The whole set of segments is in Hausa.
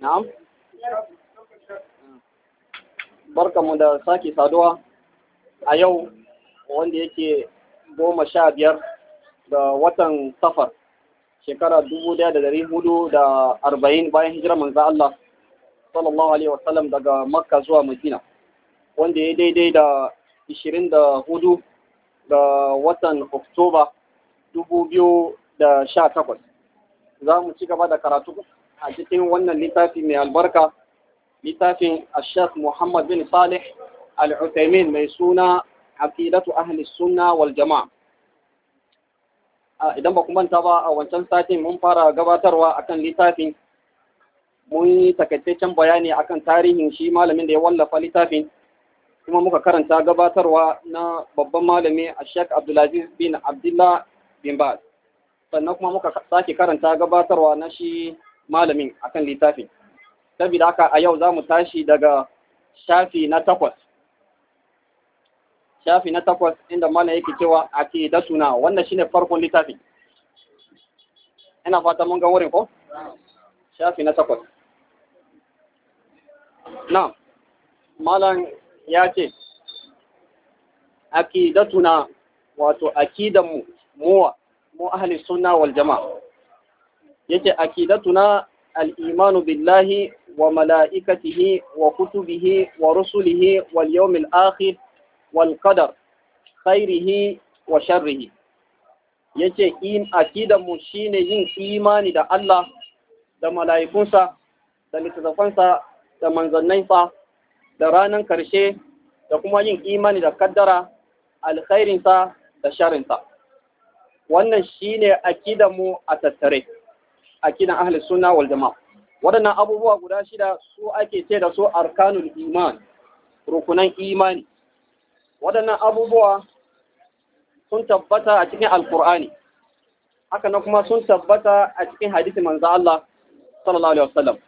na'am mu da sake saduwa a yau wanda yake goma sha biyar da watan safar shekara dubu daya da dari hudu da arba'in bayan hijira manzo Allah sallallahu alaihi wasallam daga makka zuwa madina wanda ya daidai da ishirin da hudu da watan oktoba dubu biyu da sha takwas za mu ci gaba da karatu a cikin wannan littafi mai albarka littafin ashaf muhammad bin salih al-utaimin mai suna aqidatu ahli sunna wal jama'a idan ba ku manta ba a wancan satin mun fara gabatarwa akan littafin mun yi takaitaccen bayani akan tarihin shi malamin da ya wallafa littafin kuma muka karanta gabatarwa na babban malami a Sheikh Abdulaziz bin Abdullah bin Baz sannan kuma muka sake karanta gabatarwa na shi malamin akan littafin saboda haka a yau za mu tashi daga shafi na takwas shafi na takwas inda malam yake cewa a ke da suna wannan shine farkon littafin ina fata mun ga wurin ko shafi na takwas na malam ya ce suna wato da mu muwa mu ahalin suna wal jama'a yace akidatuna al-imanu billahi wa mala'ikatihi wa kutubihi wa rusulihi wal yawmil akhir wal qadar khairihi wa sharrihi yace in akidan mu shine yin imani da Allah da mala'ikunsa da littattafansa da manzannansa da ranan karshe da kuma yin imani da kaddara alkhairinsa da sharinsa wannan shine akidan mu a tattare akidan ahli sunna wal jama'a waɗannan abubuwa guda shida su ake ce da su arkanul iman rukunan imani waɗannan abubuwa sun tabbata a cikin alkur'ani haka na kuma sun tabbata a cikin hadisi manzo Allah sallallahu alaihi wasallam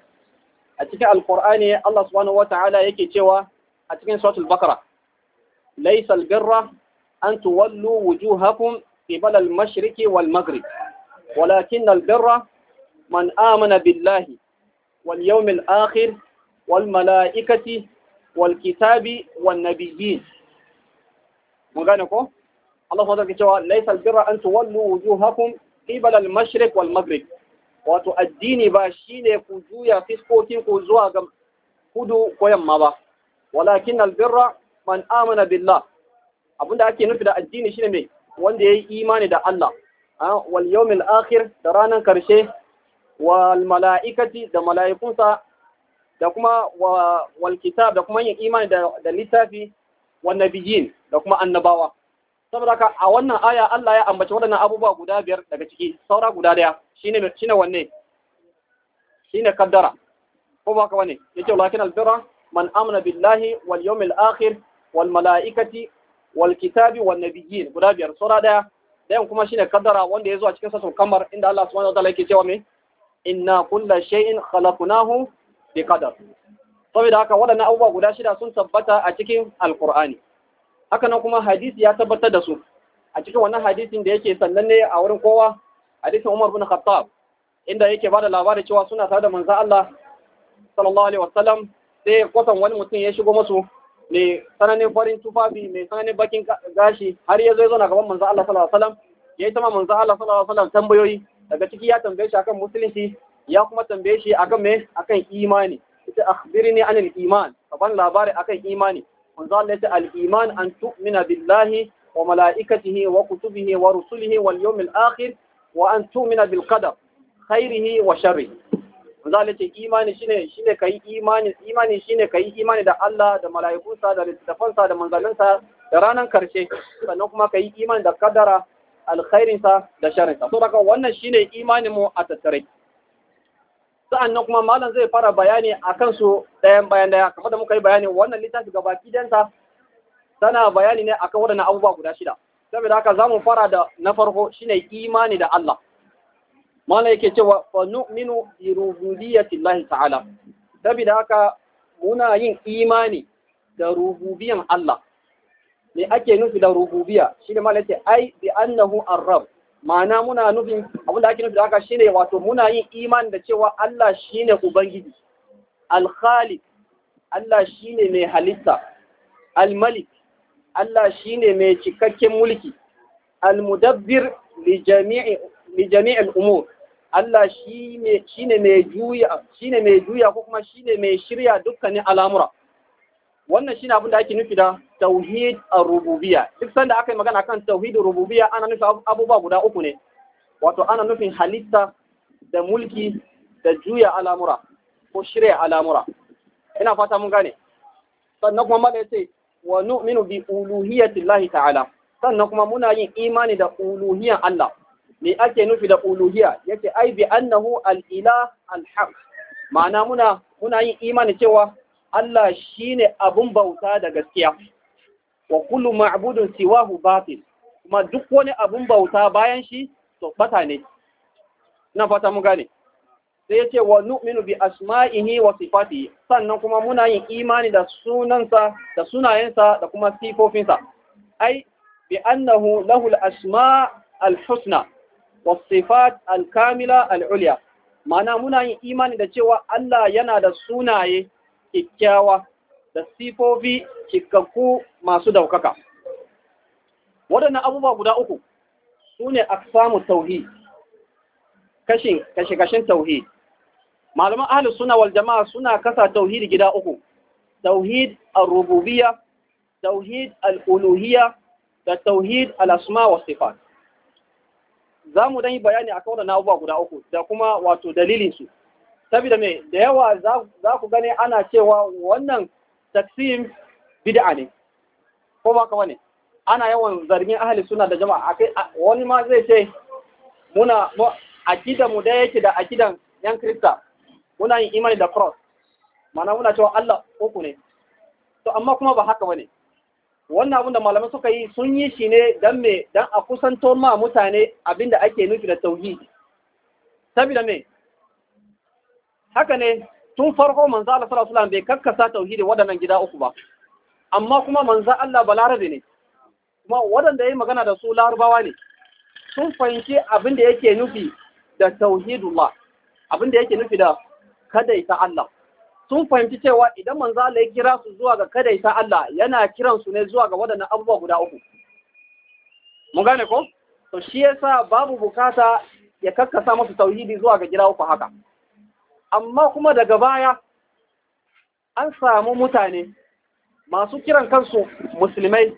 a cikin alkur'ani Allah subhanahu wataala yake cewa a cikin suratul bakara laysa albirra an tuwallu wujuhakum qibala al-mashriqi wal maghrib walakin birra man amana billahi wal akhir wal mala'ikati wal kitabi wan nabiyyin mun gane ko Allah kuma zaka cewa laysal birra an tuwallu wujuhakum qibala al mashriq wal maghrib wato addini ba shine ku juya fiskokin zuwa ga kudu ko yamma ba walakin al man amana billah abinda ake nufi da addini shine mai wanda yi imani da Allah ah, wal yawmil akhir da ranar karshe wal da mala'ikunsa da kuma wal da kuma yin imani da littafi wa bijin da kuma annabawa saboda haka a wannan aya Allah ya ambaci waɗannan abubuwa guda biyar daga ciki saura guda daya shi ne wanne shine kaddara ko ba ka wane yace lakin albirra man amina billahi wal yawmil akhir wal mala'ikati wal kitabi wan nabiyyin guda biyar saura daya dayan kuma ne kaddara wanda ya zo a cikin sasun kamar inda Allah subhanahu wa ta'ala yake cewa mai. inna kulla shay'in khalaqnahu bi qadar saboda haka waɗannan abubuwa guda shida sun tabbata a cikin alqur'ani haka nan kuma hadisi ya tabbatar da su a cikin wannan hadisin da yake sannan ne a wurin kowa hadisin Umar bin Khattab inda yake bada labarin cewa suna tare da manzon Allah sallallahu alaihi wasallam sai kwatan wani mutum ya shigo musu mai tsananin farin tufafi mai tsananin bakin gashi har ya zo ya gaban manzo Allah sallallahu alaihi wasallam ya yi tama manzon Allah sallallahu alaihi wasallam tambayoyi daga ciki ya tambaye shi akan musulunci ya kuma tambaye shi akan me akan imani ita akhbirni anil iman kaban labari akan imani manzo Allah ya al iman an tu'mina billahi wa malaikatihi wa kutubihi wa rusulihi wal yawmil akhir wa an tu'mina bil qadar khairihi wa sharrihi manzo Allah ya imani shine shine kai imani imani shine kai imani da Allah da mala'ikunsa da littafansa da manzalansa da ranan karshe sannan kuma kai imani da kadara alkhairinsa da sharinsa so daga wannan shine ne imaninmu a tattare sa'annan kuma malam zai fara bayani a kansu ɗayan bayan daya kamar da muka yi bayani wannan littafi gaba baki tana bayani ne akan waɗannan abubuwa guda shida saboda haka za mu fara da na farko shine imani da Allah malam yake cewa fa nu'minu bi ta'ala saboda haka muna yin imani da rububiyan Allah me ake nufi da rububiya shine malai ce ai bi annahu arrab ma'ana muna nufin abinda ake nufi da haka shine wato muna yin iman da cewa Allah shine ubangiji al-khaliq Allah shine mai halitta al-malik Allah shine mai cikakken mulki al-mudabbir li jami'i li jami'il umur Allah shine shine mai juya shine mai juya ko kuma shine mai shirya dukkanin al'amura wannan shine abin da ake nufi da tauhid ar-rububiyya duk sanda aka yi magana kan tauhid ar-rububiyya ana nufin abubuwa guda uku ne wato ana nufin halitta da mulki da juya al'amura ko shirya al'amura ina fata mun gane sannan kuma mala yace wa nu'minu bi uluhiyyati Allah ta'ala sannan kuma muna yin imani da uluhiyyan Allah me ake nufi da uluhiyya yace ai bi annahu al-ilah al-haq ma'ana muna muna yin imani cewa Allah shi ne abun bauta da gaskiya wa kullu ma'abudun siwahu batil kuma duk wani abun bauta bayan shi to bata ne Na fata mu gane sai ce wa nu'minu bi asma'ihi wa sifati, sannan kuma muna yin imani da sunansa da sunayensa da kuma sifofinsa ai bi annahu lahul al-asma' al-husna wa al-kamila al ma'ana muna yin imani da cewa Allah yana da sunaye kyakkyawa da sifofi cikakku masu daukaka waɗannan abubuwa guda uku su ne samu tauhi kashin kashe-kashen tauhi malaman ahalus suna wal jama'a suna kasa tauhidi gida uku tauhid al rububiya tauhid al-uluhiyya da tauhid al-asma wa sifat za mu dan yi bayani akan na abubuwa guda uku da kuma wato dalilinsu saboda me da yawa za ku gane ana cewa wannan taksim bid'a ne ko ba wani ana yawan zargin ahli suna da jama'a wani ma zai ce muna akida mu da yake da akidan yan krista muna yin imani da cross mana muna cewa Allah uku ne to amma kuma ba haka bane wannan abin da malamai suka yi sun yi shi ne dan a kusanto ma mutane abinda ake nufi da tauhidi saboda me haka ne tun farko manzo Allah sallallahu alaihi wasallam bai kakkasa tauhidi waɗannan gida uku ba amma kuma manzo Allah balarabe ne kuma waɗanda yayi magana da su larabawa ne sun fahimci abin da yake nufi da tauhidullah abin da yake nufi da kadaita Allah sun fahimci cewa idan manzo Allah ya kira su zuwa ga kadaita Allah yana kiran su ne zuwa ga waɗannan abubuwa guda uku mun gane ko to shi yasa babu bukata ya kakkasa musu tauhidi zuwa ga gida uku haka amma kuma daga baya an samu mutane masu kiran kansu musulmai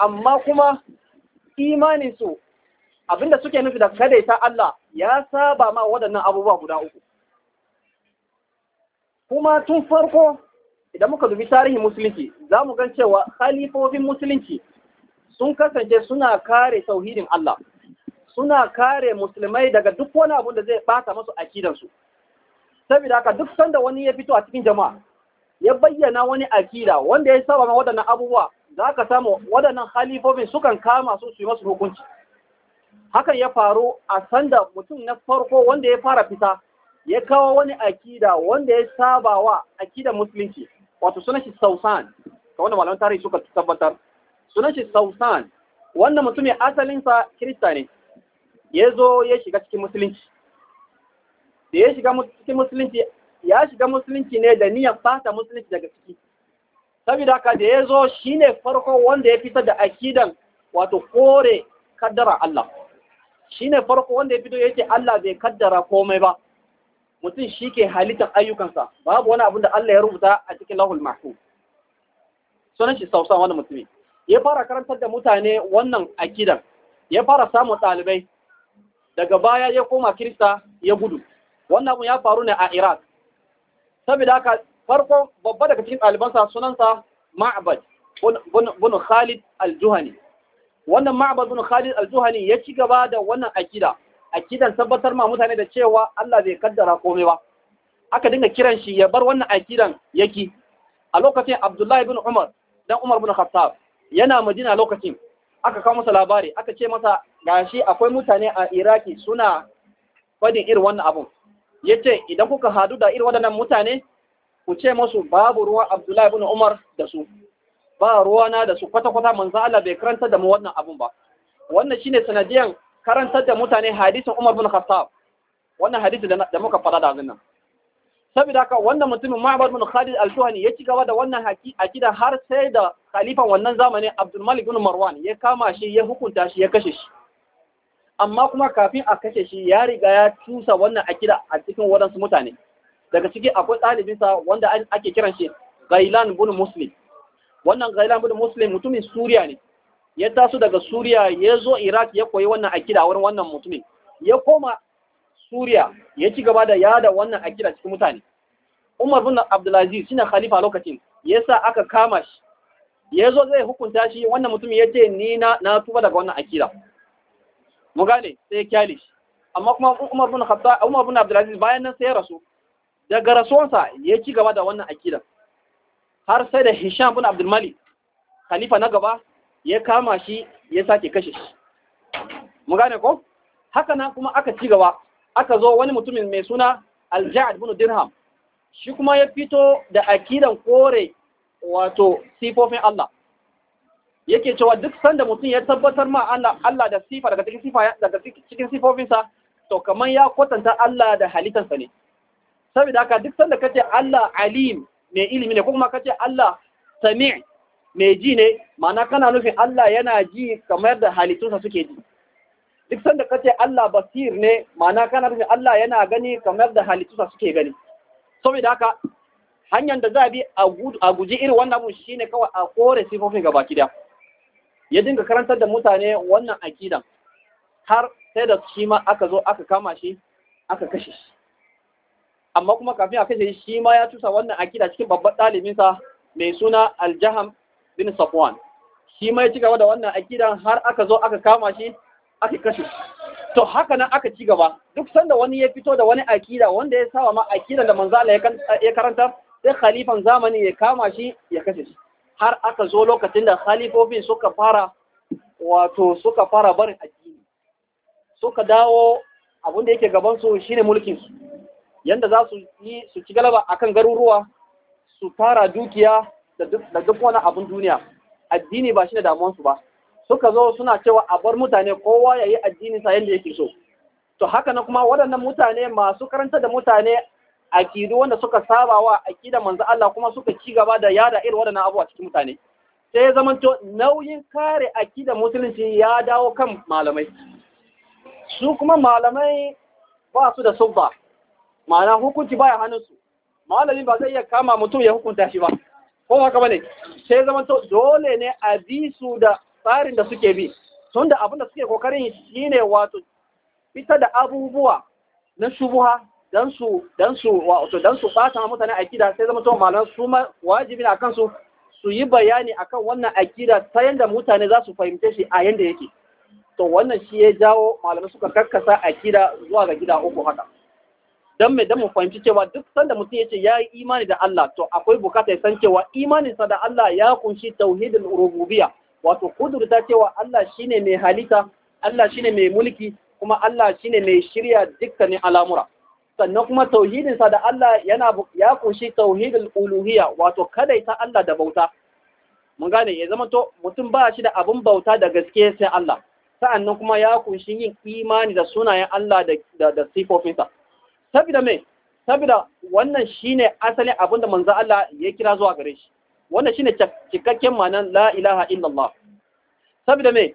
amma kuma imaninsu abinda suke nufi da kadaita Allah ya saba ma waɗannan abubuwa guda uku kuma tun farko idan muka dubi tarihin musulunci za mu gan cewa khalifofin musulunci sun kasance suna kare tauhidin Allah suna kare musulmai daga duk wani abu da zai ɓata masu akidansu saboda haka duk sanda wani ya fito a cikin jama'a ya bayyana wani akida wanda ya saba ma waɗannan abubuwa za ka samu waɗannan halifofin sukan kama su su yi masu hukunci hakan ya faru a sanda mutum na farko wanda ya fara fita ya kawo wani akida wanda ya saba wa akida musulunci wato sunan shi sausan ka wanda malaman tarihi suka tabbatar sunan shi sausan wannan mutum ya asalinsa kirista ne ya zo ya shiga cikin musulunci da ya shiga cikin musulunci ya shiga musulunci ne da niyyar fata musulunci daga ciki saboda ka da ya zo shine farko wanda ya fitar da akidan wato kore kaddara Allah shine farko wanda ya fito yace Allah bai kaddara komai ba mutum shi ke halittar ayyukansa babu wani abin da Allah ya rubuta a cikin lahul mahfuz sunan shi sausan wani mutumi ya fara karantar da mutane wannan akidan ya fara samun ɗalibai daga baya ya koma kirista ya gudu wannan abun ya faru ne a Iraq saboda haka farko babba daga cikin ɗalibansa sunansa Ma'bad bin Khalid al-Juhani wannan Ma'bad bin Khalid al-Juhani ya ci gaba da wannan akida akidan tabbatar ma mutane da cewa Allah bai kaddara komai ba aka dinga kiran shi ya bar wannan akidan yaki a lokacin Abdullah ibn Umar dan Umar bin Khattab yana Madina lokacin aka kawo masa labari aka ce masa gashi akwai mutane a Iraki suna fadin irin wannan abun yace idan kuka hadu da irin waɗannan mutane ku ce musu babu ruwa Abdullahi ibn Umar da su ba ruwa na da su kwata-kwata manzo Allah bai karanta da mu wannan abun ba wannan shine sanadiyan karantar da mutane hadisin Umar bin Khattab wannan hadisi da muka fara da nan saboda haka wannan mutumin Ma'bad bin Khalid al-Juhani ya ci gaba da wannan haki akida har sai da khalifan wannan zamanin Abdul Malik bin Marwan ya kama shi ya hukunta shi ya kashe shi amma kuma kafin a kashe shi ya riga ya cusa wannan akida a cikin waɗansu mutane daga ciki akwai ɗalibinsa wanda ake kiran shi gailan bin muslim wannan gailan bin muslim mutumin suriya ne ya taso daga suriya ya zo iraq ya koyi wannan akida wurin wannan mutumin ya koma suriya ya ci gaba da yada wannan akida cikin mutane umar bin abdulaziz shine khalifa lokacin yasa aka kama shi ya zo zai hukunta shi wannan mutumin ya ce ni na tuba daga wannan akida Mugane gane sai ya kyale shi amma kuma Umar bin Khattab Umar bin Abdul bayan nan sai ya rasu daga rasuwarsa ya ci gaba da wannan akida har sai da Hisham bin Abdul Malik khalifa na gaba ya kama shi ya sake kashe shi Mugane gane ko haka nan kuma aka ci gaba aka zo wani mutumin mai suna Al-Ja'd bin Dirham shi kuma ya fito da akidan kore wato sifofin Allah yake cewa duk sanda mutum ya tabbatar ma Allah da sifa daga cikin sifa daga cikin sifofinsa to kaman ya kwatanta Allah da halittarsa ne saboda haka duk sanda kace Allah alim mai ilimi ne ko kuma kace Allah sami' mai ji ne ma'ana kana nufin Allah yana ji kamar da halittunsa suke ji duk sanda kace Allah basir ne ma'ana kana nufin Allah yana gani kamar da halittunsa suke gani saboda haka hanyar da za a bi a guji irin wannan abun shine kawai a kore sifofin gaba ki daya ya dinga karantar da mutane wannan akidan har sai da shi ma aka zo aka kama shi aka kashe shi amma kuma kafin a kashe shi ma ya tusa wannan akida cikin babban ɗalibinsa mai suna aljaham bin safwan shi ma ya ci gaba da wannan akidan har aka zo aka kama shi aka kashe shi to haka nan aka ci gaba duk sanda wani ya fito da wani akida wanda ya sawa ma akidan da manzala ya karanta sai khalifan zamani ya kama shi ya kashe shi har aka zo lokacin da khalifofin suka fara wato suka fara barin addini suka dawo abinda yake gabansu shine mulkinsu yanda za su yi su ci galaba akan garuruwa su tara dukiya da duk wani abin duniya addini ba shine damuwansu ba suka zo suna cewa a bar mutane kowa ya yi addini sa yadda yake so to haka na kuma waɗannan mutane masu karanta da mutane Akidu wanda suka saba wa akidar manzo Allah kuma suka ci gaba da yada irin wadannan abubuwa cikin mutane sai zamanto nauyin kare akidar musulunci ya dawo kan malamai su kuma malamai ba su da subba ma'ana hukunci baya hannunsu malami ba zai iya kama mutum ya hukunta shi ba ko haka bane sai zamanto dole ne a bi su da tsarin da suke bi tun da abin da suke kokarin shine wato fitar da abubuwa na shubuha dan su dan su wato dan su fata akida sai zama to malan su ma wajibi ne su su yi bayani akan wannan akida ta yanda mutane za su fahimce shi a yanda yake to wannan shi ya jawo malamai suka karkasa akida zuwa ga gida uku haka dan me dan mu fahimci cewa duk sanda mutum yace ya yi imani da Allah to akwai bukata ya san cewa sa da Allah ya kunshi tauhidul rububiyya wato kudurta cewa Allah shine mai halitta Allah shine mai mulki kuma Allah shine mai shirya dukkanin al'amura sannan kuma tauhidinsa da Allah yana ya kunshi tauhidul uluhiyya wato kadaita Allah da bauta mun gane ya zama to mutum ba shi da abin bauta da gaske sai Allah sa'annan kuma ya kunshi yin imani da sunayen Allah da da, sifofinsa saboda me saboda wannan shine asalin abin da manzo Allah ya kira zuwa gare shi wannan shine cikakken ma'anar la ilaha illallah saboda me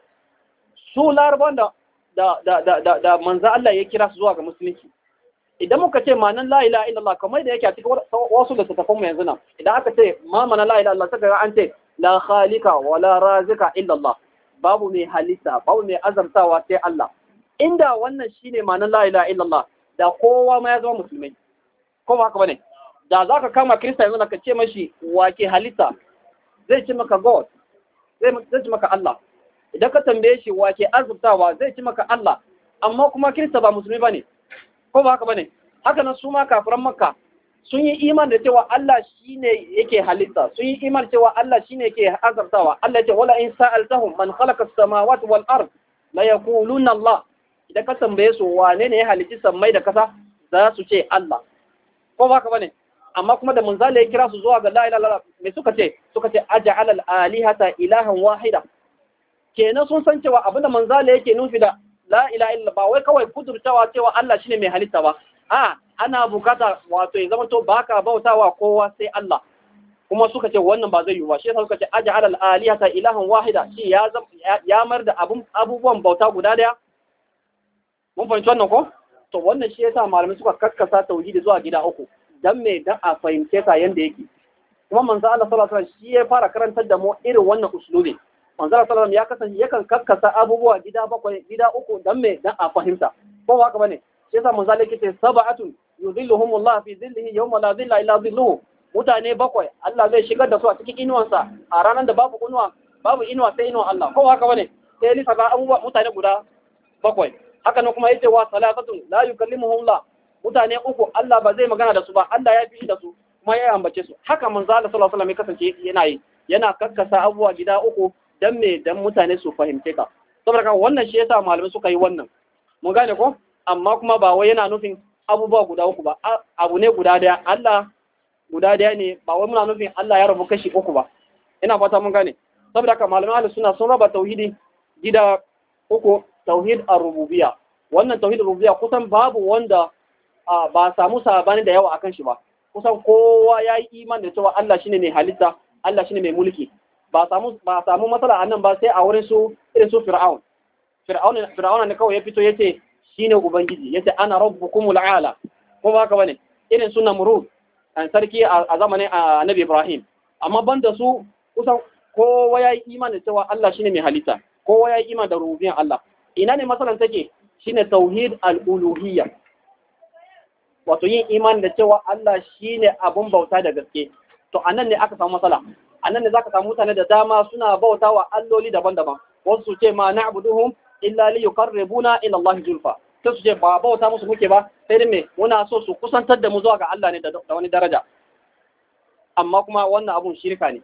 su larban da da da da, da, da manzo Allah ya kira su zuwa ga musulunci idan muka ce manan la ilaha illallah kamar da yake a cikin wasu da tafafan mu yanzu nan idan aka ce ma mana la ilaha illallah saka an ce la khalika wa la razika illallah babu mai halitta babu mai azamtawa sai Allah inda wannan shine manan la ilaha illallah da kowa ma ya zama musulmi ko ba haka bane da zaka kama kirista yanzu ka ce mashi wake halitta zai ce maka god zai ce maka Allah idan ka tambaye shi wake azamtawa? zai ce maka Allah amma kuma kirista ba musulmi bane ko ba haka bane haka nan su ma kafiran makka sun yi iman da cewa Allah shine yake halitta sun yi iman cewa Allah shine yake azartawa Allah ce wala in sa'altahum man khalaqa as-samawati wal ard la yaquluna Allah idan ka tambaye su wane ne ya halitta sammai da kasa za su ce Allah ko ba ka bane amma kuma da munzala ya kira su zuwa ga la ilaha illallah me suka ce suka ce aj'al al-alihata ilahan wahida kenan sun san cewa abinda manzala yake nufi da la ila illa ba wai kawai kudurtawa cewa Allah shine mai halitta ba a ana bukata wato ya zama to baka bautawa kowa sai Allah kuma suka ce wannan ba zai yi ba shi yasa suka ce aj'al al alihata ilahan wahida shi ya ya mar da abubuwan bauta guda daya mun fahimci wannan ko to wannan shi yasa malamai suka kakkasa tauhidi zuwa gida uku dan me dan a fahimce ta yanda yake kuma manzo Allah sallallahu alaihi wasallam shi ya fara karantar da mu irin wannan usulubi manzara sallam ya kasance yakan kaskasa abubuwa gida bakwai gida uku dan me dan a fahimta ko haka bane shi yasa manzala yake ce sab'atun Allah fi dhillihi yawma la dhilla illa dhilluhu mutane bakwai Allah zai shigar da su a cikin inuwansa a ranar da babu inuwa babu inuwa sai inuwa Allah ko haka bane sai ni ga abubuwa mutane guda bakwai haka nan kuma yace wa salatatun la yukallimuhum la mutane uku Allah ba zai magana da su ba Allah ya fi da su kuma ya ambace su haka manzo Allah sallallahu alaihi wasallam ya kasance yana yi yana kakkasa abubuwa gida uku dan me dan mutane su fahimce ka saboda kan wannan shi yasa malamai suka yi wannan mun gane ko amma kuma ba wai yana nufin abubuwa guda uku ba abu ne guda daya Allah guda daya ne ba wai muna nufin Allah ya rabu kashi uku ba ina fata mun gane saboda haka malamai ahlus sunna sun raba tauhidi gida uku tauhid ar-rububiyya wannan tauhid ar-rububiyya kusan babu wanda ba samu sabani da yawa akan shi ba kusan kowa yayi imani da cewa Allah shine mai halitta Allah shine mai mulki ba a samu matsala nan ba sai a wurin su irin su fir'aun fir'aun ne kawai ya fito yace ne ubangiji yace ana rabbukumul la'ala. ko ba ka ne, irin su namrud an eh, sarki a zamanin ah, annabi ibrahim amma banda su kusan kowa iman da cewa Allah shine mai halitta kowa yi iman da rububiyyan Allah ina ne matsalan take ne tauhid al wato yin imani da cewa Allah shine abun bauta da gaske to a nan ne aka samu matsala a nan ne zaka samu mutane da dama suna bauta wa alloli daban-daban wasu su ce ma na'buduhum illa li yuqarribuna ila Allah zulfa sai su ce ba bauta musu muke ba sai dai me muna so su kusantar da mu zuwa ga Allah ne da wani daraja amma kuma wannan abun shirka ne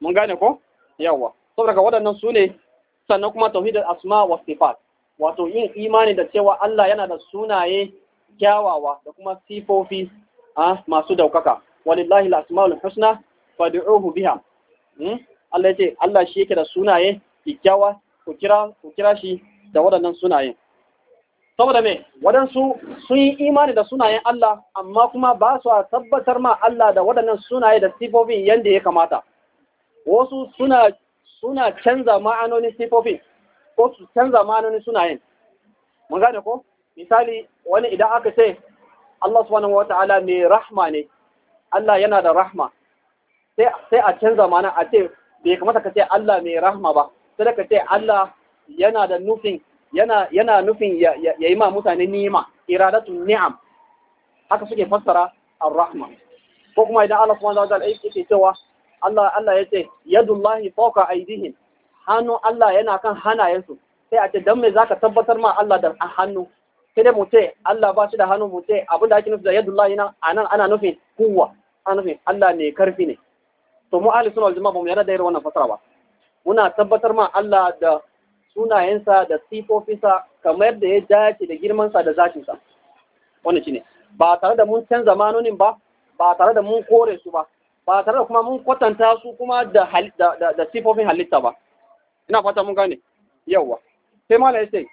mun gane ko yawa saboda ga waɗannan su ne sannan kuma tauhidul asma wa sifat wato yin imani da cewa Allah yana da sunaye kyawawa da kuma sifofi ah, masu daukaka walillahi al-asmaul husna fad'uhu biha hmm? Allah yace Allah shi yake da sunaye kikkiawa ku kira ku kira shi da waɗannan sunaye saboda me waɗansu sun yi imani da sunayen Allah amma kuma ba su a tabbatar ma Allah da waɗannan sunaye da sifofin yanda ya kamata wasu suna suna canza ma'anonin sifofin ko su canza ma'anonin sunayen mun gane ko misali wani idan aka ce Allah subhanahu wata'ala mai rahma ne Allah yana da rahma sai a canza mana a ce bai kamata ka ce Allah mai rahma ba sai ka ce Allah yana da nufin yana yana nufin ya yi ma mutane ni'ima iradatu ni'am haka suke fassara ar-rahma ko kuma idan Allah subhanahu wa ta'ala yake cewa Allah Allah yace yadullahi fawqa aydihim hannu Allah yana kan hannayensu sai a ce dan me zaka tabbatar ma Allah da hannu sai dai mu ce Allah ba shi da hannu mu ce abin da ake nufi da yadullahi na anan ana nufin kuwa ana nufin Allah ne karfi ne to mu ahli sunna wal jama'a mu yarda da irin wannan fasara ba muna tabbatar ma Allah da sunayensa da sifofinsa kamar da ya dace da girmansa da sa wannan shine ba tare da mun canza zamanonin ba ba tare da mun kore su ba ba tare da kuma mun kwatanta su kuma da da sifofin halitta ba ina fata mun gane yawa sai mala yace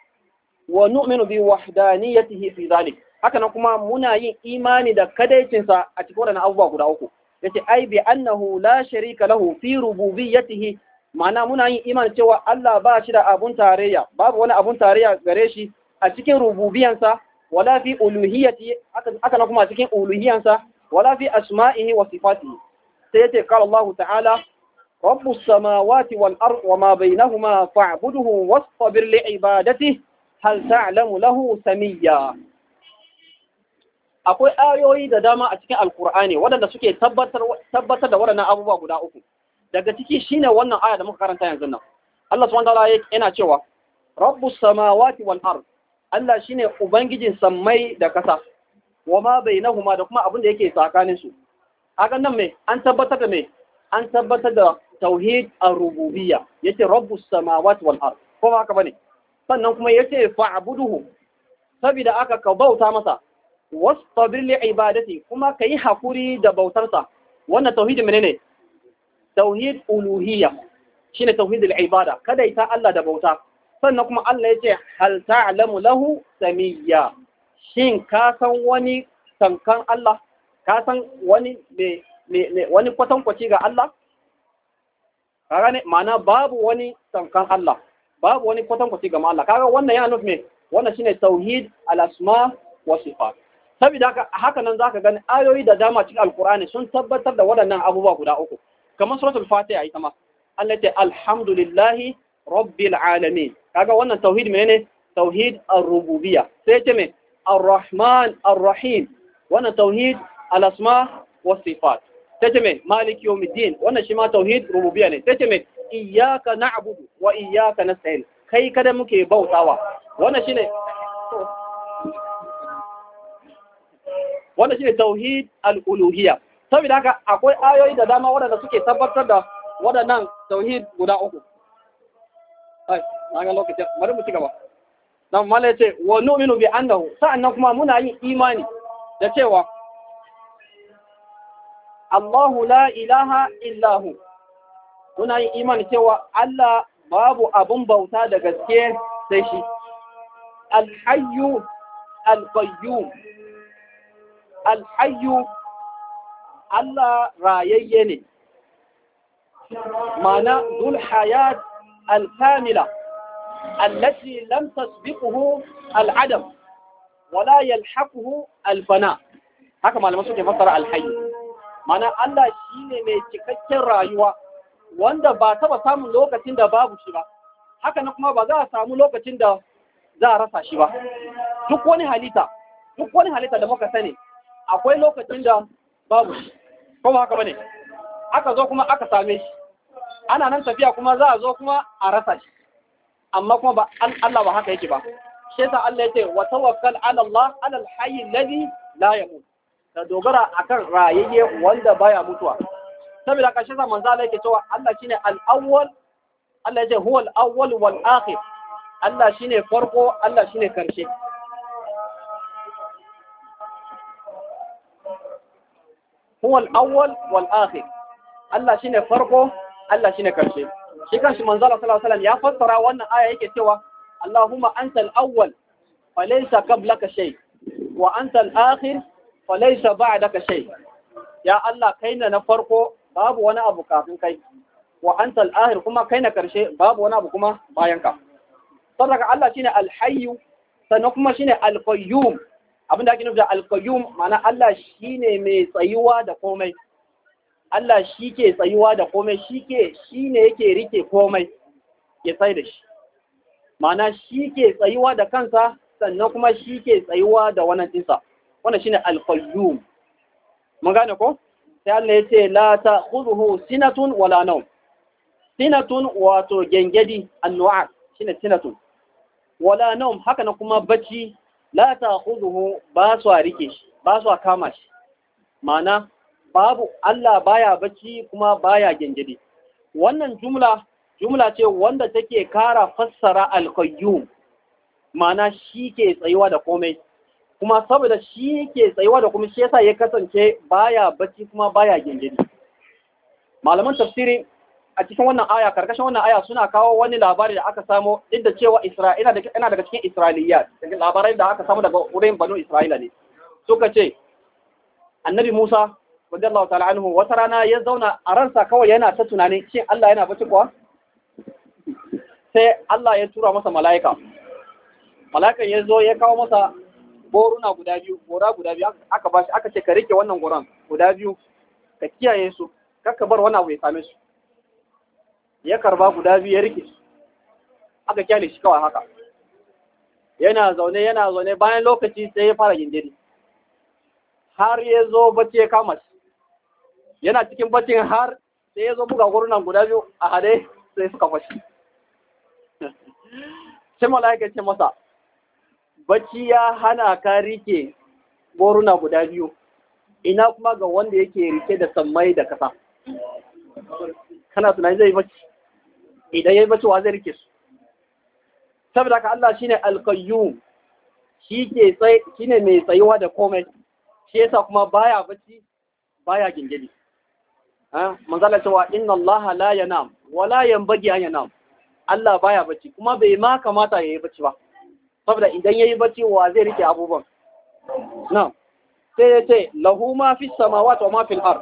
wa nu'minu bi wahdaniyatihi fi zalik haka nan kuma muna yin imani da kadaicinsa a cikin wannan abubuwa guda uku yace ai bi annahu la sharika lahu fi rububiyyatihi ma'ana muna yin iman cewa Allah ba shi da abun tarayya babu wani abun tarayya gare shi a cikin rububiyansa wala fi uluhiyyati haka na kuma cikin uluhiyansa wala fi asma'ihi wa sifatihi sai yace qala Allah ta'ala rabbu samawati wal ard wa ma bainahuma fa'buduhu wastabir li ibadatihi hal ta'lamu lahu samiyya akwai ayoyi da dama a cikin alkur'ani waɗanda suke tabbatar da waɗannan abubuwa guda uku daga ciki shine wannan aya da muka karanta yanzu nan Allah subhanahu ta'ala yana cewa rabbus samawati wal ard Allah shine ubangijin samai da kasa wama bainahuma da kuma abin da yake tsakanin su hakan nan me an tabbatar da me an tabbatar da tauhid ar-rububiyya yace rabbus samawati wal ard ko haka bane sannan kuma yace fa'buduhu sabida aka kabauta masa wastabir li ibadati kuma ka yi haƙuri da bautarsa wannan mene ne? tauhid uluhiyya shine tauhid al-ibada kada ita Allah da bauta sannan kuma Allah ya ce hal ta'lamu lahu samiyya shin ka san wani tankan Allah ka san wani me wani kwatankwaci ga Allah kaga ne ma'ana babu wani tankan Allah babu wani kwatankwaci ga Allah kaga wannan yana nufi me wannan shine tauhid al-asma wa sifat saboda haka nan zaka gani ayoyi da dama cikin alkur'ani sun tabbatar da waɗannan abubuwa guda uku kamar suratul fatiha ita ma Allah ta alhamdulillahi rabbil alamin kaga wannan tauhid menene tauhid ar-rububiyya sai ce me ar-rahman ar-rahim wannan tauhid al-asma sifat sai ce me maliki yawmiddin wannan shi ma tauhid rububiyya ne sai ce me iyyaka na'budu wa iyyaka nasta'in kai kada muke bautawa wannan shine wanda ne tauhid al’uluhiyya saboda haka akwai ayoyi da dama waɗanda suke tabbatar da waɗannan tauhid guda uku ai na ga lokacin bari mu ci gaba dan mala ce wa nominu bi annahu sa'annan kuma muna yin imani da cewa Allahu la ilaha illahu. muna yin imani cewa Allah babu abun bauta da gaske sai shi Al'ayyu hayyu alhayu Allah rayayye ne mana dul hayat alkamila allati lam tasbiquhu al'adam wala yalhaquhu alfana haka malaman suke fassara alhayu mana Allah shine mai cikakken rayuwa wanda ba taba samun lokacin da babu shi ba haka na kuma ba za a samu lokacin da za a rasa shi ba duk wani halita, duk wani halita da muka sani akwai lokacin da babu shi ko haka bane aka zo kuma aka same shi ana nan tafiya kuma za a zo kuma a rasa shi amma kuma ba Allah ba haka yake ba shi yasa Allah yake wa tawakkal ala Allah ala al-hayy alladhi la yamut da dogara akan rayayye wanda baya mutuwa saboda ka shi yasa manzo Allah yake cewa Allah shine al-awwal Allah yake huwa al-awwal wal akhir Allah shine farko Allah shine karshe huwa al'awwal awwal wal akhir Allah shine farko Allah shi ne karshe shi kanshi manzo Allah ya fassara wannan aya yake cewa Allahumma anta al-awwal falaysa qablaka shay wa anta al-akhir falaysa ba'daka shay ya Allah kai na farko babu wani abu kafin kai wa anta al kuma kai na karshe babu wani abu kuma bayanka. ka sadaka Allah shi ne hayy sannan kuma shi ne qayyum abin da ake nufi da alkayyum mana Allah shi ne mai tsayuwa da komai Allah shi ke tsayuwa da komai shi ke shi ne yake rike komai ya tsaye da shi mana shi ke tsayuwa da kansa sannan kuma shi ke tsayuwa da wannan ɗinsa wannan shi ne mun gane ko sai Allah ya ce la ta khuduhu sinatun wala nawm sinatun wato gengedi annu'a shine sinatun wala nawm haka na kuma bacci la ta khuduhu ba su rike shi ba su kama shi mana babu Allah baya bacci kuma baya gengede wannan jumla jumla ce wanda take kara fassara al-qayyum mana shi ke tsayuwa da komai kuma saboda shi ke tsayuwa da kuma shi yasa ya kasance baya bacci kuma baya gengede malaman tafsiri a cikin wannan aya karkashin wannan aya suna kawo wani labari da aka samu inda cewa Isra'ila da ina daga cikin Isra'iliya labarai da aka samu daga wurin Banu Isra'ila ne suka ce Annabi Musa radiyallahu ta'ala anhu wata rana ya zauna a ransa kawai yana ta tunanin shin Allah yana bacci kuwa sai Allah ya tura masa mala'ika mala'ikan ya zo ya kawo masa goruna guda biyu gora guda biyu aka bashi aka ce ka rike wannan goran guda biyu ka kiyaye su kakka bar wani abu ya same su ya karba guda biyu ya rike aka kyale shi kawai haka yana zaune yana zaune bayan lokaci sai ya fara gindiri har ya zo bacci ya kama shi yana cikin baccin har sai ya zo buga gurnan guda biyu a hade sai suka fashi sai mala'ika ce masa bacci ya hana ka rike goruna guda biyu ina kuma ga wanda yake rike da sammai da kasa kana tunanin zai bacci idan yayi bacci wa zai rike su saboda ka Allah shine al-qayyum shi ke shine mai tsayuwa da komai shi yasa kuma baya bacci baya gingili ha manzala cewa inna Allah la yanam wala yanbaghi an yanam Allah baya bacci kuma bai ma kamata yayi bacci ba saboda idan yayi bacci wa zai rike abubuwan na'am sai ya ce lahu ma fi samawati wa ma fil ard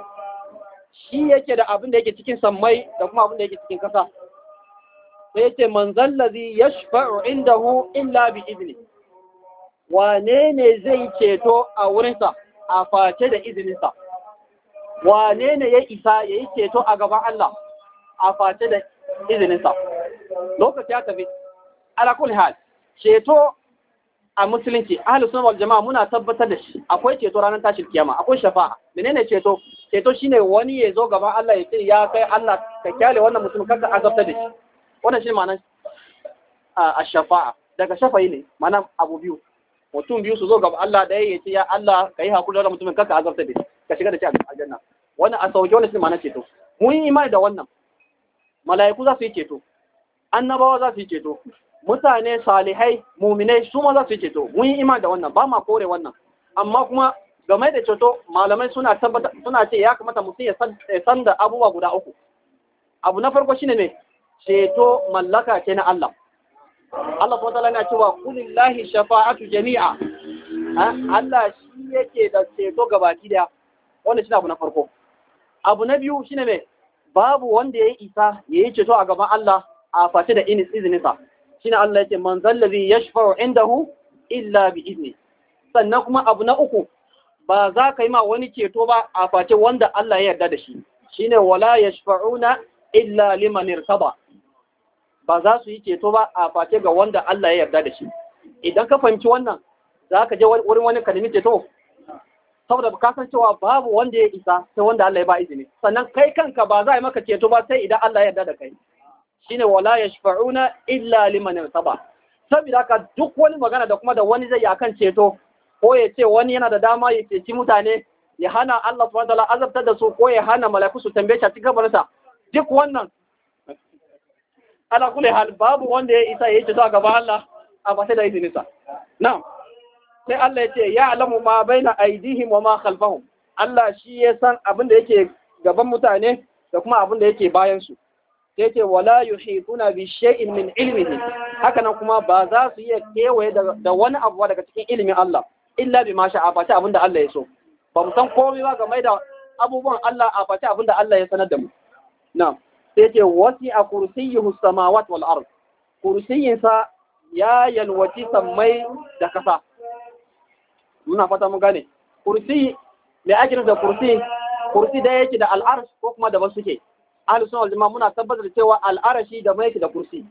shi yake da abin da yake cikin samai, da kuma abin da yake cikin kasa sai ce manzan lazi ya shafa'u inda hu illa bi izini wane ne zai ceto a wurinsa a face da izininsa wane ne ya isa ya yi ceto a gaban Allah a face da izininsa lokaci ya tafi alakul hal ceto a musulunci ahal sunna wal jama'a muna tabbatar da shi akwai ceto ranar tashin kiyama akwai shafa'a menene ceto ceto shine wani ya zo gaban Allah ya ce ya kai Allah ka kyale wannan mutum kanka azabta da shi wannan shi ma'anar a shafa'a daga shafa'i ne ma'ana abu biyu mutum biyu su zo gaba Allah ɗaya ya ce ya Allah ka yi haƙuri da mutumin kanka azabta da ka shiga da shi a aljanna wannan a sauke wannan shi ma'anar ceto mun yi imani da wannan mala'iku za su yi ceto annabawa za su yi ceto mutane salihai muminai su ma za su yi ceto mun yi imani da wannan ba ma kore wannan amma kuma game da ceto malamai suna tabbata suna ce ya kamata mutum ya san da abubuwa guda uku abu na farko shine ne ceto mallaka ce na Allah Allah ko ce na cewa kulillahi shafa'atu jami'a Allah shi yake da ceto gabaki daya wannan shine abu na farko abu na biyu shi ne me babu wanda ya isa ya yi ceto a gaban Allah a face da izininsa shine Allah ya ce man ya yashfa'u indahu illa bi izni sannan kuma abu na uku ba za ka yi ma wani ceto ba a face wanda Allah ya yarda da shi shine wala ya yashfa'una illa liman irtaba ba za su yi ceto ba a face ga wanda Allah ya yarda da shi idan ka fahimci wannan za ka je wurin wani kalimi ceto saboda ka san cewa babu wanda ya isa sai wanda Allah ya ba izini sannan kai kanka ba za a yi maka ceto ba sai idan Allah ya yarda da kai shine wala yashfa'una illa liman irtaba saboda haka duk wani magana da kuma da wani zai yi akan ceto ko ya ce wani yana da dama ya ceci mutane ya hana Allah subhanahu wa ta'ala azabtar da su ko ya hana mala'iku su tambaye shi a cikin kabarinsa duk wannan ala kulli hal babu wanda ya isa yayi ta gaba Allah a ba sai da izinin sa na'am sai Allah ya ce ya alamu ma baina aidihim wa ma khalfahum Allah shi ya san abin da yake gaban mutane da kuma abin da yake bayan su sai ce wala yuhituna bi shay'in min ilmihi haka nan kuma ba za su iya kewaye da wani abu daga cikin ilimin Allah illa bi ma sha'a face abin da Allah ya so ba mu san komai ba game da abubuwan Allah a face abin da Allah ya sanar da mu na'am sai ce wasi a kursiyyuhu samawat wal ard kursiyinsa ya yalwaci sammai da kasa muna fata mu gane kursi me ake da kursi kursi da yake da al’ar ko kuma da wasu ke ahli suna wal muna tabbatar cewa al'arashi da mai yake da kursi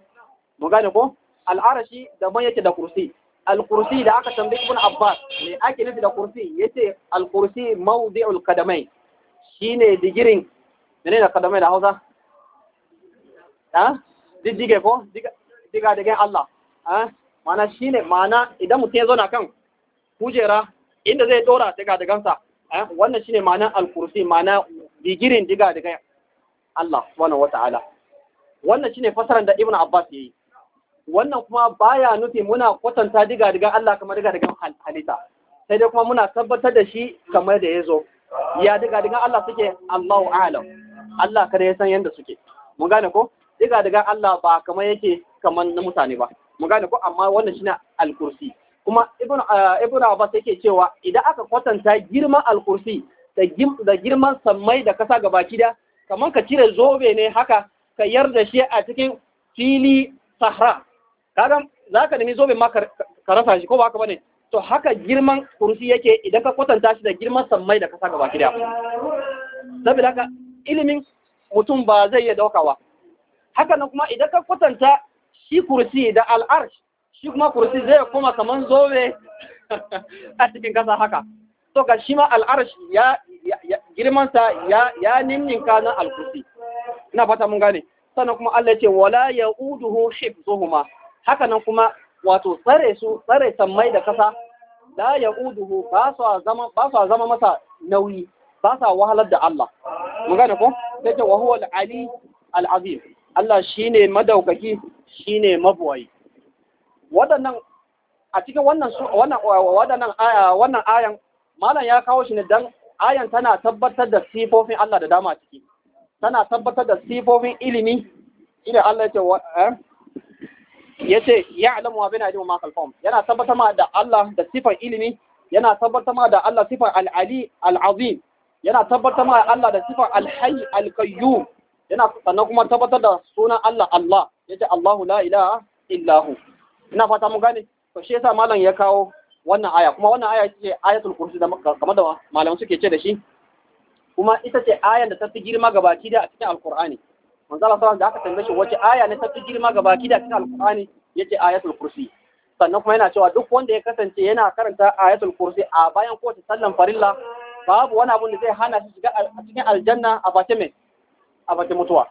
Mu gane ko al'arashi da mai yake da kursi al-kursi da aka tambayi ibn abbas me ake nufi da kursi yace al-kursi mawdi'ul qadamai shine digirin menene da kadamai da hausa ha? diddige ko diga digen Allah ha? mana shine mana idan mutum ya zo na kan kujera inda zai dora diga digansa eh wannan shine mana al-kursi mana digirin diga digen Allah wata wata'ala wannan shine fasaran da Ibn Abbas yayi wannan kuma baya nufi muna kwatanta diga diga Allah kamar diga digan halitta sai dai kuma muna tabbatar da shi kamar da yazo ya diga digan Allah suke Allahu a'lam Allah kada ya san yanda suke mun gane ko diga daga Allah ba kamar yake kamar na mutane ba mun gane ko amma wannan shine al-kursi kuma ibnu ibnu abbas yake cewa idan aka kwatanta girman al-kursi da girman sammai da kasa gabaki da kamar ka cire zobe ne haka ka yarda shi a cikin fili sahra kaga ka nemi zobe ma ka rasa shi ko ba haka bane to haka girman kursi yake idan ka kwatanta shi da girman sammai da kasa gabaki da saboda haka ilimin mutum ba zai iya daukawa haka nan kuma idan ka kwatanta shi kursi da al'arsh shi kuma kursi zai kuma kaman zobe a cikin kasa haka to ga shi ma al'arsh ya girmansa ya ninninka na al-kursi. ina fata mun gane sannan kuma Allah ce wala yauduhu hifzuhuma haka nan kuma wato tsare su tsare sammai da kasa la yauduhu ba su zama zama masa nauyi ba sa wahalar da Allah mun gane ko sai ce wa huwa al-ali al-azim Allah shine madaukaki shine mabuwai wadannan a cikin wannan wannan wadannan aya wannan ayan malam ya kawo shi ne dan ayan tana tabbatar da sifofin Allah da dama ciki tana tabbatar da sifofin ilimi ina Allah ya ce eh? ya ce ya alamu wa ma alimu yana tabbatar ma da Allah da sifar ilimi yana tabbatar ma da Allah sifar al'ali al'azim yana tabbatar ma Allah da sifar alhayy alkayyu. yana sannan kuma tabbatar da sunan Allah Allah yace Allahu la ilaha illa hu ina fata mu gane to shi yasa malam ya kawo wannan aya kuma wannan aya ce ayatul kursi da kamar da malamu suke ce da shi kuma ita ce ayan da ta fi girma gabaki da a cikin alqur'ani manzo Allah sallallahu da aka tambaye shi wace aya ne ta fi girma gabaki da a cikin alqur'ani yace ayatul kursi sannan kuma yana cewa duk wanda ya kasance yana karanta ayatul kursi a bayan kowace sallan farilla babu wani abun da zai hana shi shiga a cikin aljanna a bakin mai a bakin mutuwa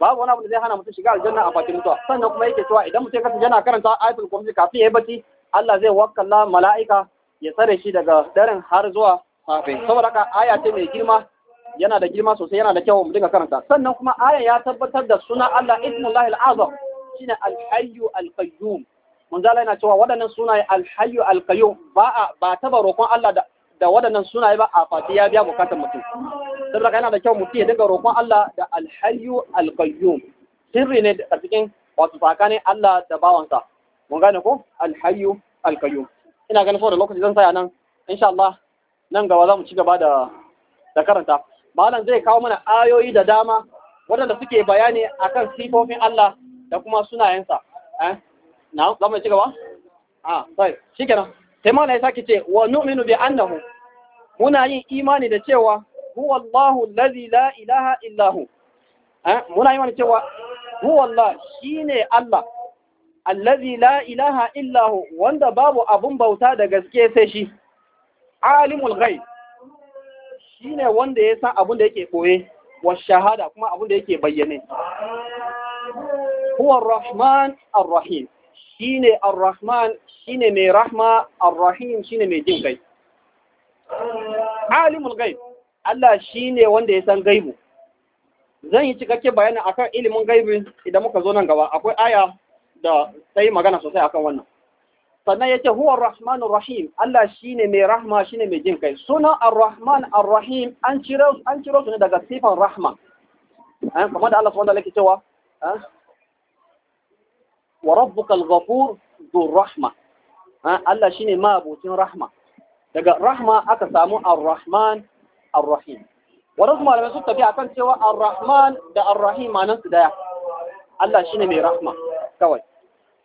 babu wani abun da zai hana mutum shiga aljanna a bakin mutuwa sannan kuma yake cewa idan mutum ya kasance yana karanta ayatul kursi kafin ya yi bacci Allah zai wakalla mala'ika ya tsare shi daga daren har zuwa safe saboda haka aya ce mai girma yana da girma sosai yana da kyau mu dinga karanta sannan kuma aya ya tabbatar da suna Allah ismullahi al-azam shine al-hayyu al-qayyum manzo yana cewa waɗannan sunaye al-hayyu al-qayyum ba ba taba roƙon Allah da da waɗannan sunaye ba a fati ya biya bukatar mutum saboda yana da kyau mutum ya dinga roƙon Allah da alhayu alqayyum sirri ne da cikin wato tsakanin Allah da bawansa mun gane ko alhayu alqayyum ina ganin da lokaci zan tsaya nan insha Allah nan gaba za mu ci gaba da da karanta malam zai kawo mana ayoyi da dama waɗanda suke bayani akan sifofin Allah da kuma sunayensa eh za mu ci gaba ah sai kenan. sai malai sake ce wa nu'minu bi annahu muna yin imani da cewa huwa Allahu lazi la ilaha illa hu eh, muna imani cewa huwa Allah shine Allah allazi la ilaha illahu, wanda babu abun bauta da gaske sai shi alimul ghaib shine wanda ya san abun da yake koye wa shahada kuma abun da yake bayyane huwa rahman ar-rahim shine ar-rahman shine mai rahma ar-rahim shine mai jin gai alimul gaib Allah shine wanda ya san gaibu zan yi cikakke bayani akan ilimin gaibi idan muka zo nan gaba akwai aya da sai magana sosai akan wannan sannan yace huwa ar-rahmanur rahim Allah shine mai rahma shine mai jin kai suna ar-rahman ar-rahim an ciro an ciro su ne daga sifan rahma eh, kamar da Allah subhanahu wa ta'ala yake cewa eh, wa rabbukal ghafur dhur rahma Allah shine ma abotin rahma daga rahma aka samu ar-rahman ar-rahim wadansu malamai sun tafi akan cewa ar-rahman da ar-rahim manan su daya Allah shine mai rahma kawai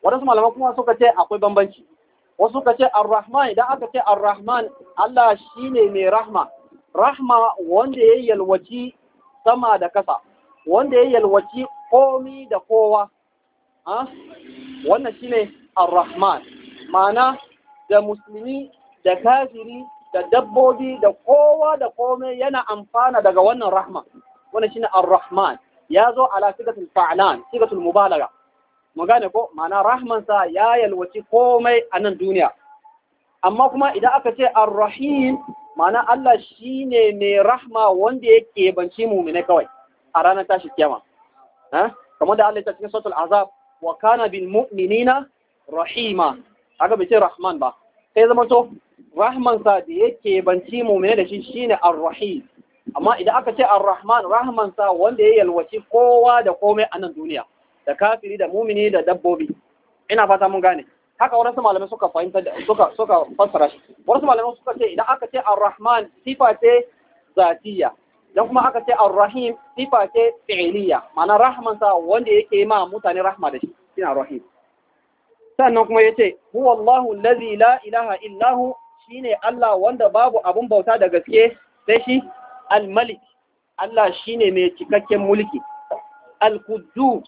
wadansu malamai kuma suka ce akwai bambanci wasu suka ce ar-rahman idan aka ce ar-rahman Allah shine mai rahma rahma wanda ya yalwaci sama da kasa wanda ya yalwaci komi da kowa wannan shine ar-rahman ma'ana da musulmi da kafiri da dabbobi da kowa da komai yana amfana daga wannan rahma wannan shine ar-rahman ya zo ala sigatul fa'lan sigatul mubalaga mun gane ko ma'ana rahman sa ya yalwaci komai a nan duniya amma kuma idan aka ce ar-rahim ma'ana Allah shine mai rahma wanda yake banci mu'mine kawai a ranar tashi kiyama kamar da Allah ya cikin suratul azab wa kana bil mu'minina rahima haka bai ce rahman ba sai zama to rahman sa da yake banci mu'mina da shi shine ar-rahim amma idan aka ce ar-rahman rahman sa wanda ya yalwaci kowa da komai a nan duniya da kafiri da mu'mini da dabbobi ina fata mun gane haka wasu malamai suka fahimta suka suka fassara shi wasu malamai suka ce idan aka ce ar-rahman sifa ce zatiya dan kuma aka ce ar-rahim sifa ce fi'liya ma'ana rahman sa wanda yake ma mutane rahma da shi shine rahim sannan kuma yace huwa Allahu allazi la ilaha illa hu shine Allah wanda babu abun bauta da gaske sai shi al-malik Allah shine mai cikakken mulki al-quddus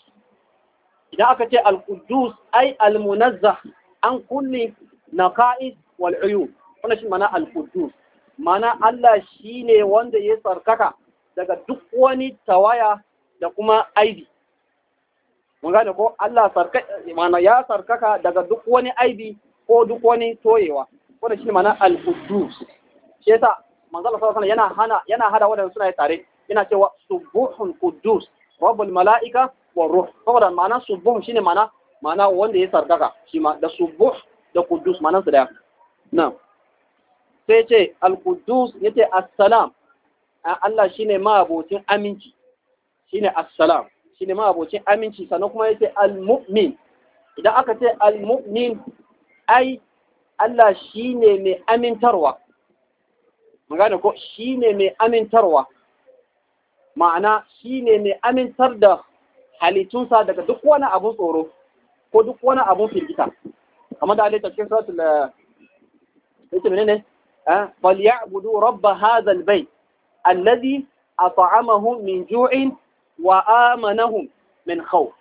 idan aka ce al-quddus ai al-munazzah an kulli naqa'is wal uyub wannan shi ma'ana al-quddus mana Allah shi ne wanda ya tsarkaka daga duk wani tawaya da kuma aibi mun gane ko Allah mana ya tsarkaka daga duk wani aibi ko duk wani toyewa wadda shi mana al-qudus shi yasa manzala sallallahu yana hana yana hada wadannan suna tare yana cewa subuhun qudus rabbul malaika wa ruh saboda ma'ana subuh shine ma'ana ma'ana wanda ya tsarkaka shi ma da subuh da qudus ma'anar su daya na'am sai ce al-Quddus yace assalam Allah shi ne ma'abocin aminci shi shine assalam ne ma'abocin aminci sannan kuma yace al-mu'min idan aka ce al-mu'min ai Allah shine mai amintarwa mun gane ko shine mai amintarwa ma'ana shi ne mai amintar da halittunsa daga duk wani abun tsoro ko duk wani abun firgita kamar da halitta cikin suratul eh, yake menene فليعبدوا رب هذا البيت الذي أطعمهم من جوع وآمنهم من خوف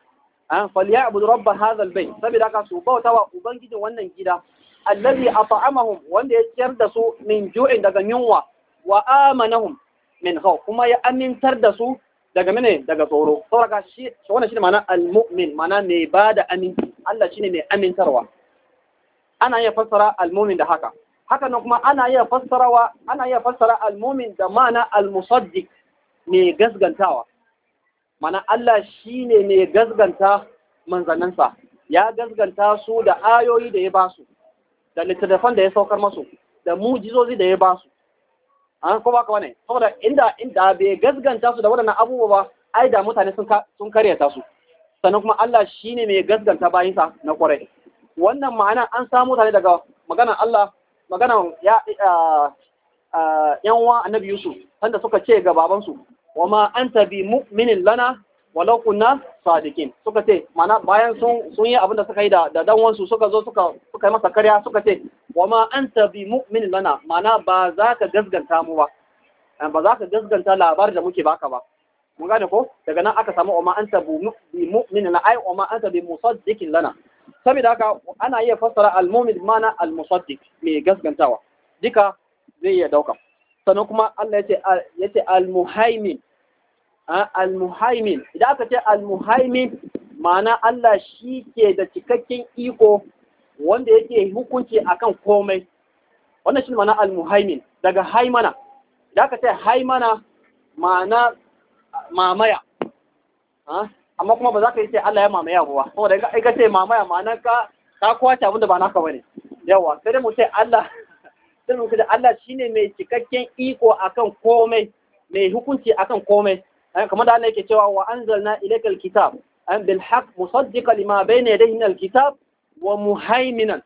فليعبدوا رب هذا البيت saboda haka su bauta wa ubangijin wannan gida allazi at'amahum wanda ya ciyar da su min ju'in daga yunwa wa amanahum min khawf kuma ya amintar da su daga mene daga tsoro saboda shi wannan shine ma'ana almu'min ma'ana mai bada aminci Allah shine mai amintarwa ana iya fassara almu'min da haka haka nan kuma ana iya fassarawa ana iya fassara al-mu'min da ma'ana al-musaddiq ne gasgantawa mana Allah shine ne gasganta manzanansa. ya gasganta su da ayoyi da ya basu da littattafan da ya saukar musu da mujizozi da ya basu an ko baka wane saboda inda inda bai gasganta su da waɗannan abubuwa ba ai da mutane sun sun karyata su sannan kuma Allah shine mai gasganta bayinsa na kwarai wannan ma'ana an samu mutane daga maganar Allah magana ya yan uwa annabi Yusuf tanda suka ce ga babansu wa ma anta bi mu'minin lana walau kunna sadiqin suka ce mana bayan sun sun yi abinda suka yi da da danwansu suka zo suka suka yi masa karya suka ce wa ma anta bi mu'minin lana mana ba za ka gasganta mu ba ba za ka gasganta labarin da muke baka ba mun gane ko daga nan aka samu wa ma anta bi mu'minin ai wa ma anta bi musaddiqin lana saboda haka ana iya fassara al-mu'min mana al-musaddiq mai gaskantawa duka zai iya dauka sannan kuma Allah ya ce al-muhaimin al-muhaimin idan aka ce al-muhaimin ma'ana Allah shi ke da cikakken iko wanda yake hukunci akan komai wannan shi ma'ana al-muhaimin daga haimana idan aka ce haimana ma'ana mamaya amma kuma ba za ka yi sai Allah ya mamaye abu ba saboda in ka ce mamaya ma'anar ka ka kwace abin da ba naka bane yawa sai dai mu ce Allah sai mu ce Allah shine mai cikakken iko akan komai mai hukunci akan komai eh, kamar da Allah yake cewa wa anzalna ilaykal kitab an eh, bil haqq musaddiqan lima bayna yadayhi min al kitab wa muhaiminan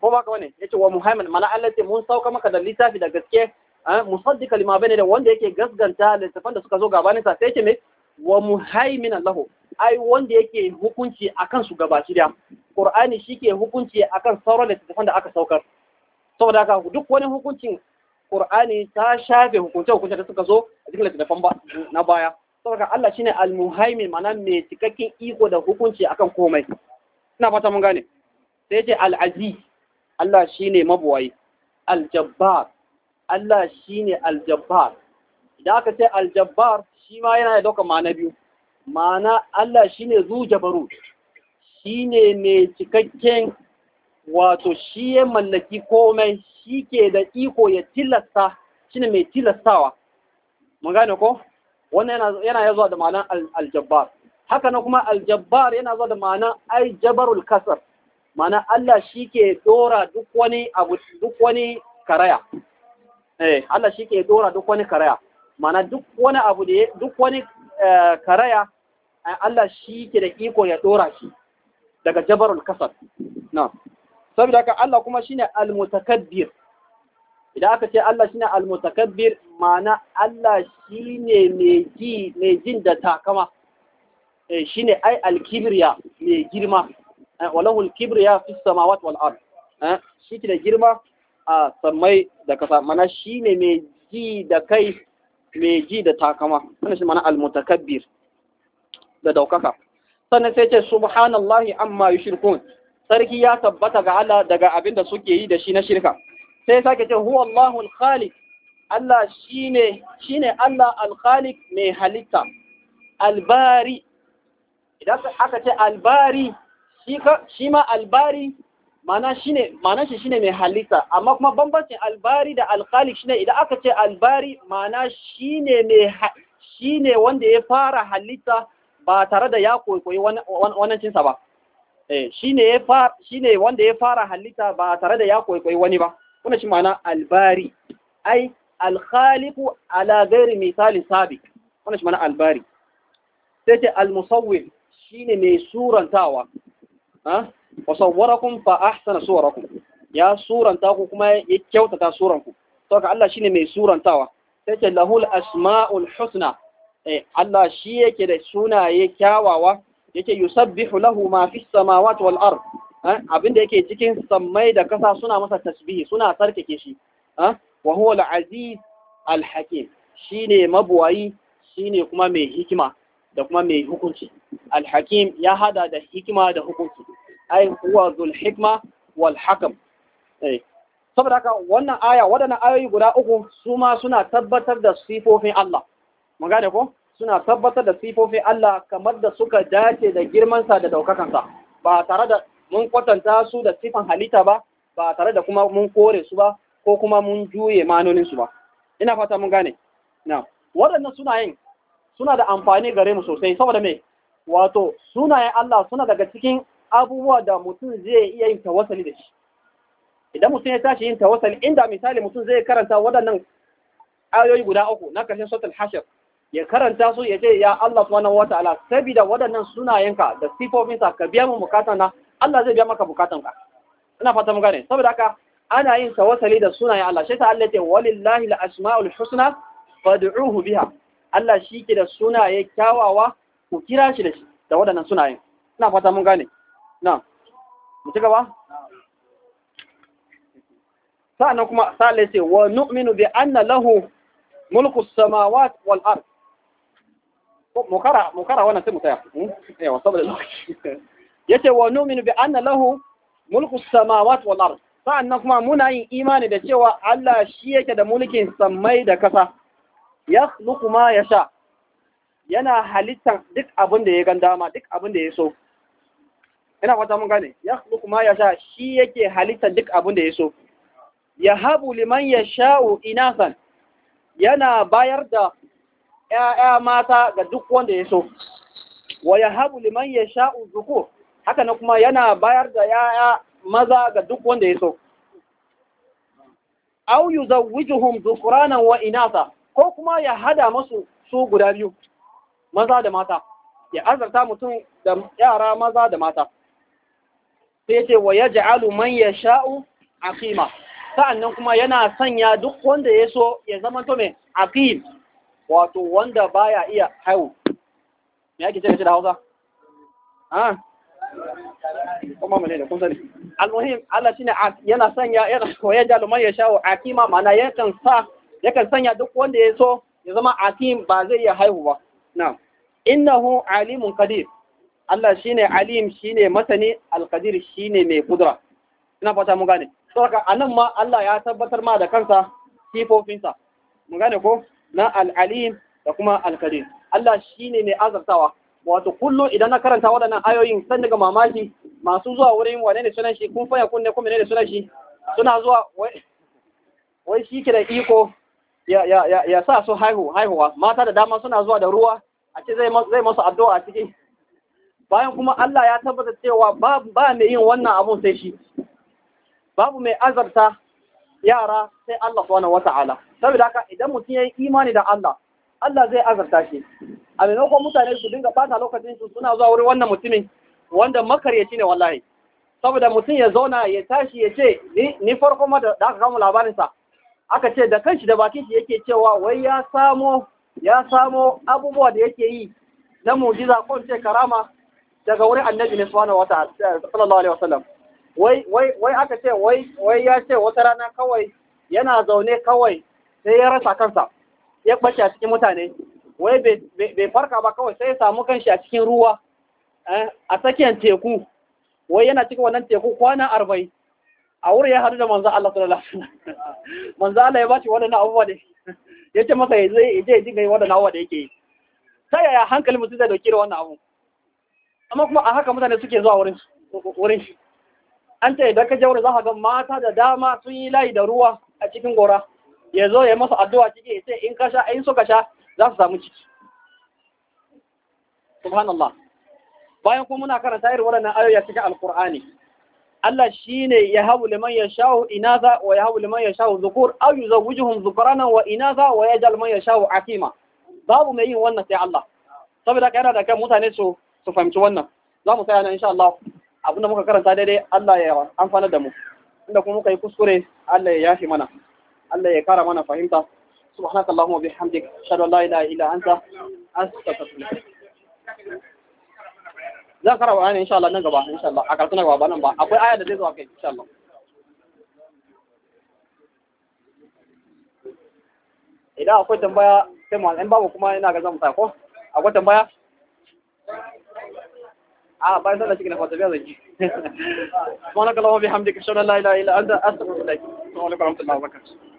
ko ba ka bane yace wa muhaiman mana Allah ce mun sauka maka da littafi da gaske eh, musaddiqan lima bayna da wanda yake gasganta littafan da suka zo gabanin sa sai yace me wa muhaimin Allahu ai wanda yake hukunci akan su gabaci da Qur'ani ke hukunci akan sauran littattafan da aka saukar saboda haka duk wani hukuncin Qur'ani ta shafe hukunce hukunce da suka zo a cikin ba na baya saboda Allah shine al-muhaimin manan mai cikakken iko da hukunci akan komai ina fata mun gane sai yace al-aziz Allah shine mabuwayi al-jabbar Allah shine al-jabbar idan aka ce al-jabbar shi ma yana da daukan ma'ana biyu ma'ana Allah shi ne zu jabaru ne mai cikakken wato shi ya mallaki komai shi ke da iko ya tilasta shi ne mai tilastawa mun gane ko wannan yana yana zuwa da ma'anar aljabbar haka na kuma aljabbar yana zuwa da ma'anar aljabarul kasar ma'ana Allah shi ke dora duk wani abu duk wani karaya eh Allah shi ke dora duk wani karaya mana duk wani abu da duk wani eh, karaya eh, Allah shi ke da iko ya dora shi daga jabarul kasar na saboda haka Allah kuma shine al-mutakabbir idan aka ce Allah shine al-mutakabbir ma'ana Allah shine mai ji mai jin da takama eh, shine ai al-kibriya mai girma walahu al-kibriya fi samawati wal ard eh shi ke da girma a samai da kasa mana shine mai ji da kai mai ji da takama wannan shi mana almutakabbir da daukaka sannan sai ce subhanallahi amma yushrikun sarki ya tabbata ga Allah daga abin da suke yi da shi na shirka sai sake ce huwa Allahul khaliq Allah shine shine Allah al mai halitta albari idan aka ce albari shi ma albari mana shine shi shine mai halitta amma kuma bambancin albari da alkhalik shine idan aka ce albari mana shine mai shine wanda ya fara halitta ba tare da ya koyi wani cinsa ba eh shine wanda ya fara halitta ba tare da ya koyi wani ba kuna shi mana albari ai alkhaliku ala gairi misali sabi kuna shi mana albari sai ce almusawwir shine mai surantawa ha ah? wasawwarakum fa ahsana suwarakum ya suranta ku kuma ya kyautata suranku to ka Allah shine mai surantawa sai ce lahul asmaul husna eh Allah shi yake da sunaye kyawawa yake yusabbihu lahu ma fis samawati wal ard eh, abinda yake cikin sammai da kasa suna masa tasbihi suna sarkake shi eh, wa huwa al aziz al hakim shine mabuwayi shine kuma mai hikima da kuma mai hukunci al hakim ya hada da hikima da hukunci ay huwa zul hikma wal hakam eh saboda haka wannan aya waɗannan ayoyi guda uku su ma suna tabbatar da sifofin Allah mun gane ko suna tabbatar da sifofin Allah kamar da suka dace da girmansa da sa ba tare da mun kwatanta su da sifan halitta ba ba tare da kuma mun kore su ba ko kuma mun juye manonin su ba ina fata mun gane na waɗannan sunayen suna da amfani gare mu sosai saboda me wato sunayen Allah suna daga cikin abubuwa da mutum zai iya yin tawasali da shi idan mutum ya tashi yin tawassali inda misali mutum zai karanta waɗannan ayoyi guda uku na ƙarshen suratul hashir ya karanta su ya ce ya Allah subhanahu wataala sabida waɗannan sunayenka da sifofinsa ka biya mu bukatan na Allah zai biya maka bukatan ka ina fata mun gane saboda haka ana yin tawasali da sunayen Allah shi ta Allah ya ce walillahi al-asmaul husna fad'uhu biha Allah shi ke da sunaye kyawawa ku kira shi da shi da waɗannan sunayen ina fata mun gane na mu ci gaba sa'annan kuma sa'ala ce wa nu'minu bi anna lahu mulku samawat wal ard mukara mukara wannan sai mu tsaya yawa saboda lokaci yace wa nu'minu bi anna lahu mulku samawat wal ard sa'annan hmm? kuma muna yin imani da cewa Allah shi yake da mulkin sammai da kasa kuma ma sha, yana halittan duk abin da ya gan dama duk abin da ya so ina fata mun gane ya khluqu ma sha shi yake halitta duk abin da yaso habu liman ya sha'u inasan yana bayar da 'ya'ya mata ga duk wanda yaso wa ya habu liman ya sha'u zuku haka na kuma yana bayar da 'ya'ya maza ga duk wanda yaso aw yuzawwijuhum dhukrana wa inasa ko kuma ya hada musu su guda biyu maza da mata ya azarta mutum da yara maza da mata sai ce wa ja'alu man yasha'u aqima sa'annan kuma yana sanya duk wanda ya so ya zama to me aqim wato wanda baya iya haihu me yake cewa da Hausa ah kuma mene ne kun sani almuhim Allah shine yana sanya ya wa ja'alu man yasha'u aqima mana yakan sa yakan sanya duk wanda ya so ya zama aqim ba zai iya haihu ba Inna innahu alimun qadir Allah shi ne alim shi ne masani shi ne mai kudura ina fata mu gane a nan ma Allah ya tabbatar ma da kansa sifofinsa mu gane ko na al’alim alim da kuma al Allah Allah ne mai azabtawa wato kullum idan na karanta waɗannan ayoyin san daga mamaki masu zuwa wurin wane ne sunan shi kun fanya kun ne kuma ne sunan shi suna zuwa wai shi ke da iko ya sa su haihuwa mata da dama suna zuwa da ruwa a ce zai masu addu'a a ciki bayan kuma Allah ya tabbata cewa ba mai yin wannan abun sai shi babu mai azarta yara sai Allah wata wata'ala saboda haka idan mutum ya yi imani da Allah Allah zai azarta shi a maimakon mutane su dinga bata lokacin su suna zuwa wurin wannan mutumin wanda makaryaci ne wallahi saboda mutum ya zauna ya tashi ya ce ni farko ma da aka kama labarinsa aka ce da kanshi da bakin shi yake cewa wai ya samo ya abubuwa da yake yi na mujiza ko ce karama daga wurin annabi ne subhanahu wa ta'ala sallallahu alaihi wasallam wai wai wai aka ce wai wai ya ce wata rana kawai yana zaune kawai sai ya rasa kansa ya bace a cikin mutane wai bai farka ba kawai sai ya samu kanshi a cikin ruwa eh, a tsakiyar teku wai yana cikin wannan teku kwana arba'in a wurin ya hadu da manzo Allah sallallahu alaihi manzo Allah ya bashi wannan abubuwa da ya ce masa ya je ya dinga yi wannan abubuwa da yake yi ta yaya hankali mutum zai dauki da wannan abu amma kuma a haka mutane suke zuwa wurin shi an ce idan ka je wurin za ka ga mata da dama sun yi layi da ruwa a cikin gora ya zo ya masa addu'a ciki ya ce in ka sha in suka sha za su samu ciki subhanallah bayan kuma muna karanta irin waɗannan ayoyi a cikin alqur'ani Allah shi ne ya habu liman yasha'u inaza wa ya habu liman yasha'u dhukur aw yuzawwijuhum dhukrana wa inaza wa ya yaj'al man yasha'u atima babu mai yin wannan sai Allah saboda ka yana da kan mutane su su fahimci wannan za mu tsaya nan insha Allah abinda muka karanta daidai Allah ya amfana da mu inda kuma muka yi kuskure Allah ya yafi mana Allah ya kara mana fahimta subhanaka allahumma bihamdika ashhadu an la ilaha illa anta astaghfiruka za kara wa insha Allah nan gaba insha Allah a karatu na gaba ba nan ba akwai aya da zai zo kai insha Allah idan akwai tambaya sai mu an babu kuma ina ga zamu tsaya ko akwai tambaya اه بايظ انا شكلي اخوات البيض يجي سبحانك اللهم وبحمدك اشهد ان لا اله الا انت استغفرك السلام عليكم ورحمه الله وبركاته